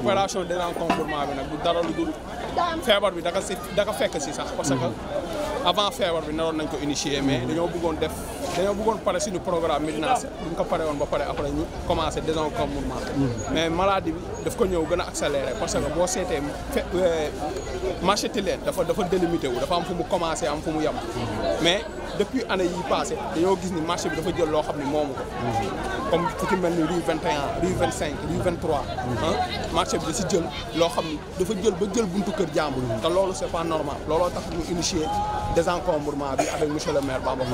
opération désencombrement bi nag du dara lu feebar bi daka si daka fekk si sax parce que avant feebar bi naroon nañ ko initier mais dañoo bëggoon def dañoo bëggoon pare suñu programme Médina Set bu ñu ko pare woon ba pare après ñu commencé désencombrement mais maladie bi daf ko ñëw gën a accéléré parce que boo seetee euh, marché Tilène dafa dafa délimité wu dafa am fu mu commencé am fu mu yem depuis année yi passé dañoo gis ni marché bi dafa jël loo xam ne moomu ko. comme fu ci mel ni rue 21 rue 25 rue 23. Hein? marché bi da si jël loo xam ni dafa jël ba jël buntu kër jàmbur. te loolu c'est pas normal looloo tax ñu initier désencombrement bi avec monsieur le maire Bamba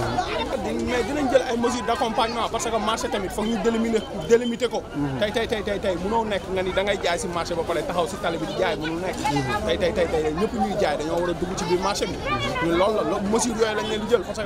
mais dinañ jël ay mesures d'accompagnement parce que marché tamit foog ñu délimiter délimiter ko. tey tey tey tey tey mënoo nekk nga ni da ngay jaay si marché ba pare taxaw si tali bi di jaay mënul nekk. tey tey tey tey ñëpp ñuy jaay dañoo war a dugg ci biir marché bi. loolu la mesures yooyu lañ leen di jël parce que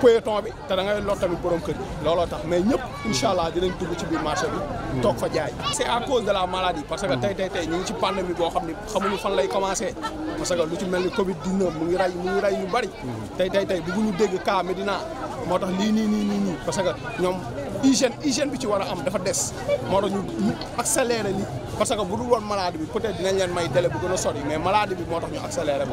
peloton bi te da ngay lor tamit borom kër yi looloo tax mais ñëpp incha allah dinañ dugg ci biir marché bi toog fa jaay c' est à maladie parce que tey tey tey ñu ngi ci pandémie boo xam ne xamuñu fan lay commencé parce que lu ci mel ni covid 19 mu ngi rey mu ngi rey ñu bari tey tey tey bëgguñu dégg cas Médina moo tax lii nii nii nii nii parce que ñoom hygiène hygiène bi ci war a am dafa des moo tax ñu accéléré li parce que bu dul woon maladie bi peut-être dinañ leen may délai bu gën a mais maladie bi moo tax ñu accéléré